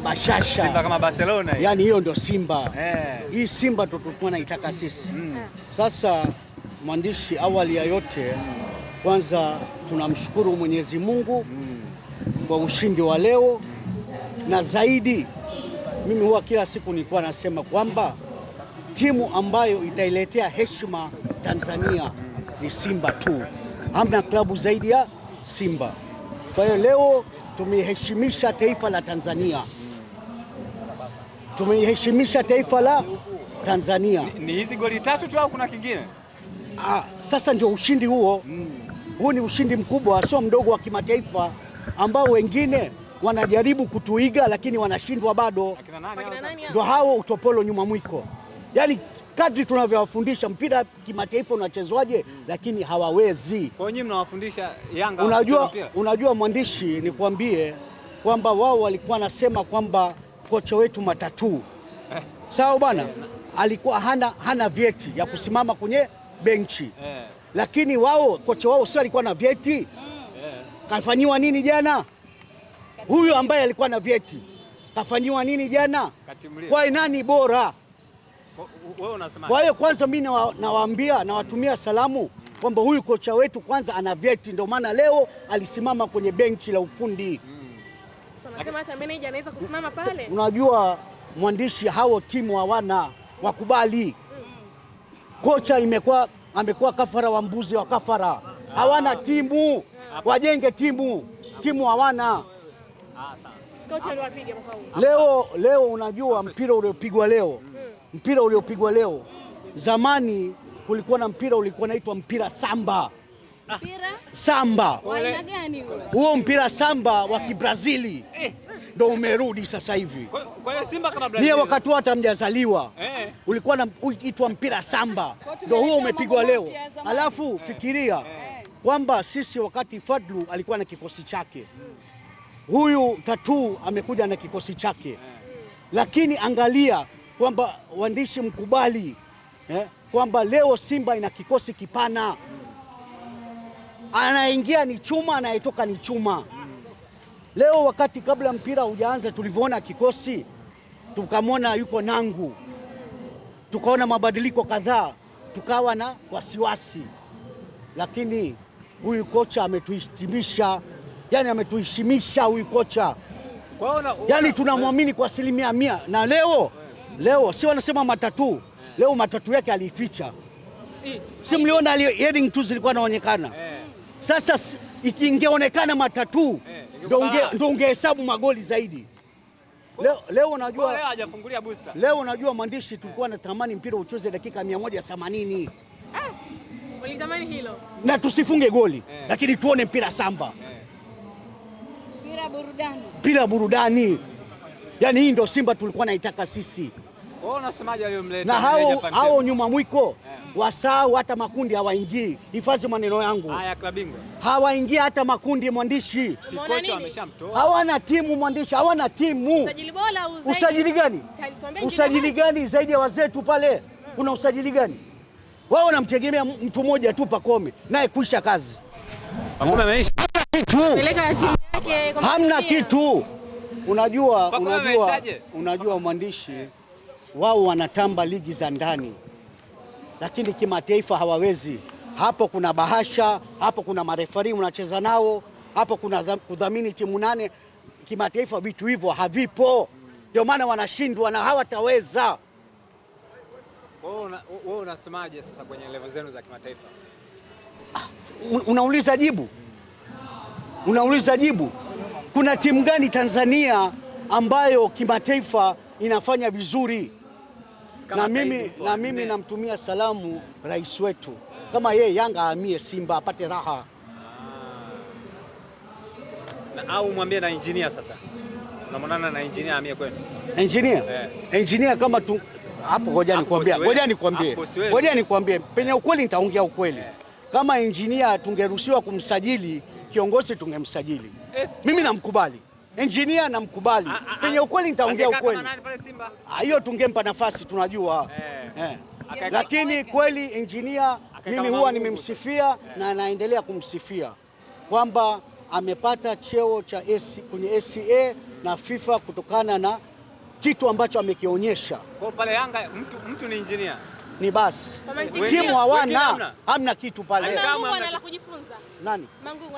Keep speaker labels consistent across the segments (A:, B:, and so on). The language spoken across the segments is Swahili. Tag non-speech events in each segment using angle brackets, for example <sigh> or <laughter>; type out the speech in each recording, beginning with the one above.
A: na bashasha.
B: Simba kama Barcelona.
A: Yaani hiyo ndio Simba
B: eh. Hii
A: Simba ndio tulikuwa naitaka sisi mm. Sasa mwandishi, awali ya yote kwanza tunamshukuru Mwenyezi Mungu mm. kwa ushindi wa leo na zaidi, mimi huwa kila siku nilikuwa nasema kwamba timu ambayo itailetea heshima Tanzania ni Simba tu, hamna klabu zaidi ya Simba. Kwa hiyo leo tumeheshimisha taifa la Tanzania tumeiheshimisha taifa la
B: Tanzania. Ni hizi goli tatu tu au kuna
A: kingine? Ah, sasa ndio ushindi huo. Mm. Huu ni ushindi mkubwa, sio mdogo, wa kimataifa ambao wengine wanajaribu kutuiga lakini wanashindwa bado. Ndio hao utopolo nyuma mwiko, yaani kadri tunavyowafundisha mpira kimataifa unachezwaje, mm. lakini hawawezi.
B: Kwa nini mnawafundisha Yanga? Unajua,
A: unajua mwandishi, nikwambie kwamba wao walikuwa nasema kwamba kocha wetu Matatu, sawa bwana, alikuwa hana, hana vyeti ya kusimama kwenye benchi, lakini wao kocha wao sio alikuwa na vyeti. Kafanyiwa nini jana? Huyu ambaye alikuwa na vyeti kafanyiwa nini jana? Kwa nani bora? Kwa hiyo kwanza mi nawaambia, nawatumia salamu kwamba huyu kocha wetu kwanza ana vyeti, ndio maana leo alisimama kwenye benchi la ufundi
C: hata meneja anaweza kusimama pale.
A: Unajua mwandishi, hao timu hawana wakubali. Kocha imekuwa amekuwa kafara wa mbuzi wa kafara, hawana timu, wajenge timu, timu hawana leo. Leo unajua mpira uliopigwa leo, mpira uliopigwa leo, zamani kulikuwa na mpira ulikuwa naitwa mpira
C: samba Mpira samba
A: huo mpira samba wa Kibrazili eh. ndo umerudi sasa hivi. Niye wakati hata mjazaliwa eh, ulikuwa na mpira samba, ndo huo umepigwa leo. Alafu eh. fikiria eh. kwamba sisi wakati Fadlu alikuwa na kikosi chake, huyu Tatuu amekuja na kikosi chake, lakini angalia kwamba waandishi mkubali eh, kwamba leo Simba ina kikosi kipana Anaingia ni chuma, anayetoka ni chuma. Leo wakati kabla mpira hujaanza, tulivyoona kikosi tukamwona yuko Nangu, tukaona mabadiliko kadhaa, tukawa na wasiwasi, lakini huyu kocha ametuhitimisha, yani ametuheshimisha huyu kocha, yani tunamwamini kwa asilimia mia. Na leo leo si wanasema matatu, leo matatu yake aliificha, si mliona, heading tu zilikuwa naonekana eh. Sasa ikingeonekana matatu eh, ndio ungehesabu magoli zaidi. Leo, leo unajua leo unajua mwandishi, tulikuwa tamani mpira ucheze dakika 180
C: ah, ulitamani
A: hilo na tusifunge goli eh, lakini tuone mpira samba
C: eh. mpira eh,
A: burudani, burudani. Yani hii ndio Simba tulikuwa naitaka
B: sisi na
A: hao hao nyuma mwiko yeah. Wasahau hata makundi hawaingii, hifadhi maneno yangu, hawaingii hata makundi. Mwandishi hawana timu, mwandishi hawana timu. Usajili gani? Usajili gani zaidi ya wazetu pale? Kuna usajili gani? Wao wanamtegemea mtu mmoja tu, Pakome naye kuisha kazi, hamna kitu. Unajua, unajua, unajua mwandishi wao wanatamba ligi za ndani, lakini kimataifa hawawezi. Hapo kuna bahasha, hapo kuna marefari unacheza nao, hapo kuna kudhamini timu nane. Kimataifa vitu hivyo havipo, ndio maana wanashindwa na hawataweza.
B: Wewe unasemaje sasa kwenye level zenu za
A: kimataifa? Ah, unauliza jibu, unauliza jibu. Kuna timu gani Tanzania ambayo kimataifa inafanya vizuri? na mimi, na mimi namtumia salamu rais wetu kama yeye Yanga ahamie Simba apate
B: raha ah. na, au mwambie na engineer sasa. Unamonana na engineer ahamie kwenu.
A: Engineer? Eh. Engineer kama tu hapo ngoja nikwambie. Ngoja nikwambie. Ngoja nikwambie. Penye ukweli nitaongea ukweli. Eh. Kama engineer tungeruhusiwa kumsajili kiongozi tungemsajili. Eh. Mimi namkubali. Engineer namkubali penye ukweli, nitaongea ukweli. Ah, hiyo tungempa nafasi, tunajua eh. Eh. Lakini kweli engineer mimi huwa nimemsifia eh. na naendelea kumsifia kwamba amepata cheo cha AC, kwenye ACA e na FIFA kutokana na kitu ambacho amekionyesha
B: kwa pale Yanga. Mtu, mtu ni
A: engineer ni basi timu hawana hamna kitu pale. Nani?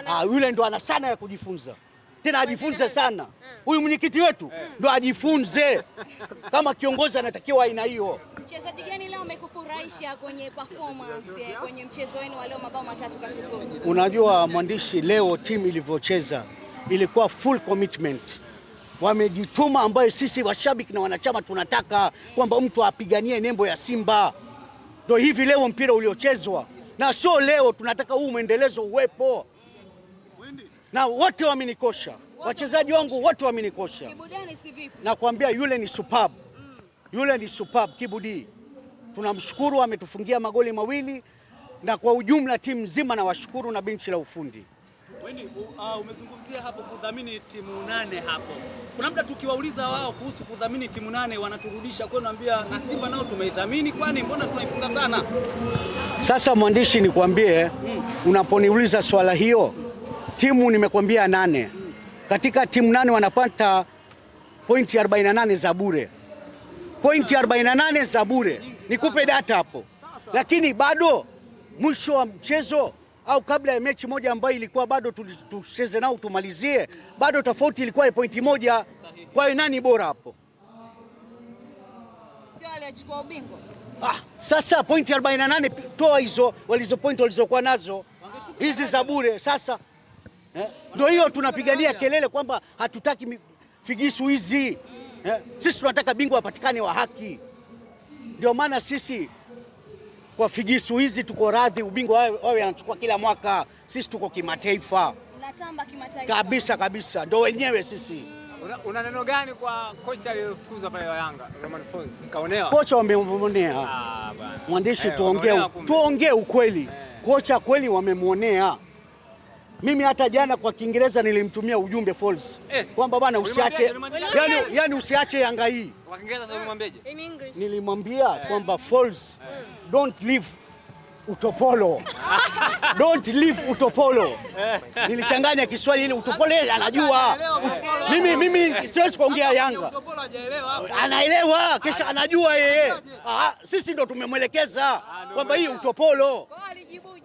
A: Ah, yule ndo ana sana ya kujifunza tena ajifunze sana mm. huyu mwenyekiti wetu mm. ndo ajifunze, kama kiongozi anatakiwa aina
C: hiyo. Mchezaji gani leo amekufurahisha kwenye performance kwenye mchezo wenu wa leo mabao matatu kwa sifuri?
A: Unajua mwandishi, leo timu ilivyocheza ilikuwa full commitment, wamejituma ambayo sisi washabiki na wanachama tunataka kwamba mtu apiganie nembo ya Simba. Ndio hivi leo mpira uliochezwa, na sio leo tunataka huu mwendelezo uwepo na wote wamenikosha, wachezaji wangu wote wamenikosha. Nakwambia yule ni superb, yule ni superb Kibudi. Tunamshukuru, ametufungia magoli mawili, na kwa ujumla timu nzima nawashukuru, na benchi la ufundi
B: Wendi, uh, umezungumzia hapo kudhamini timu nane hapo. Kuna muda tukiwauliza wao kuhusu kudhamini timu nane wanaturudisha kwenu, naambia na Simba nao tumeidhamini, kwani mbona tunaifunga
A: sana? Sasa mwandishi, nikwambie hmm, Unaponiuliza swala hiyo timu nimekwambia nane, katika timu nane wanapata pointi 48 za bure, pointi 48 za bure. Nikupe data hapo, lakini bado mwisho wa mchezo au kabla ya mechi moja ambayo ilikuwa bado tucheze nao tumalizie, bado tofauti ilikuwa ya pointi moja. Kwa hiyo nani bora hapo? Ah, sasa pointi 48 toa hizo walizo pointi walizokuwa nazo hizi za bure sasa Eh? Ndio hiyo tunapigania kelele kwamba hatutaki figisu hizi eh? Sisi tunataka bingwa wapatikane wa haki. Ndio maana sisi kwa figisu hizi tuko radhi, ubingwa wawe anachukua kila mwaka. Sisi tuko kimataifa, tunatamba kimataifa kabisa kabisa, ndio wenyewe
B: sisi. Una, neno gani kwa kocha aliyefukuzwa pale wa Yanga Roman Folz? Kaonewa.
A: Kocha wamemwonea. Ah, bwana. Mwandishi, eh, tuongee tuongee ukweli. Hey. Eh. Kocha kweli wamemwonea. Mimi hata jana kwa Kiingereza nilimtumia ujumbe false eh, kwamba bwana usiache, yani, yani usiache Yanga hii.
B: Kwa Kiingereza umwambeje?
C: In English.
A: Nilimwambia yeah, kwamba false yeah, don't leave utopolo don't leave utopolo. Eh. Nilichanganya Kiswahili ile utopolo, anajua mimi mimi siwezi kuongea Yanga, anaelewa kisha anajua yeye. Sisi ndo tumemwelekeza ah, kwamba hii
C: utopolo.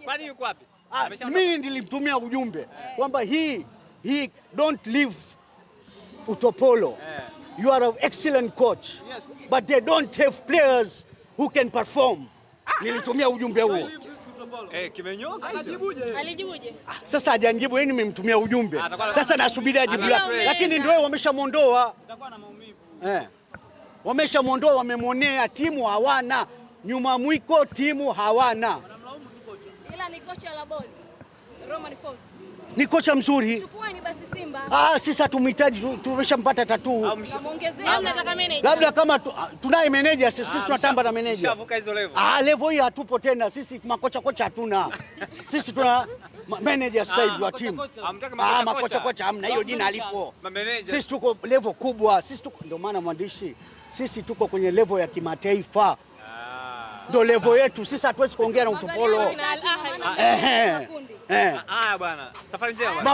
B: Kwani yuko wapi?
A: Ah, mimi nilimtumia ujumbe eh. kwamba hii hii don't leave Utopolo eh. you are an excellent coach but they don't have players who can perform. Ah. Nilitumia ujumbe
B: huo.
C: Eh, kimenyoka alijibuje? Alijibuje?
A: Ah, Sasa hajanjibu yeye, yaani nimemtumia ujumbe. Ah, sasa nasubiri ajibu lake. Lakini ndio wameshamuondoa.
B: Atakuwa na maumivu.
A: Eh. Wameshamuondoa, wamemwonea, timu hawana nyuma mwiko, timu hawana
C: ni kocha la boli. Roman Force.
A: Ni kocha mzuri.
C: Chukueni basi Simba.
A: Ah, sisi hatumhitaji, tumeshampata tatu. Labda kama ah, tunaye meneja sisi ah, tunatamba na meneja. Ah, level hii hatupo tena sisi, makocha kocha hatuna <laughs> sisi tuna meneja sasa hivi wa ah,
B: timu. Ah,
A: makocha kocha hamna, hiyo jina alipo. Sisi tuko level kubwa, sisi tuko ndio maana mwandishi, sisi tuko kwenye level ya kimataifa ndo levo yetu sisi, hatuwezi kuongea
C: na utopolo.
B: Haya bwana, safari njema.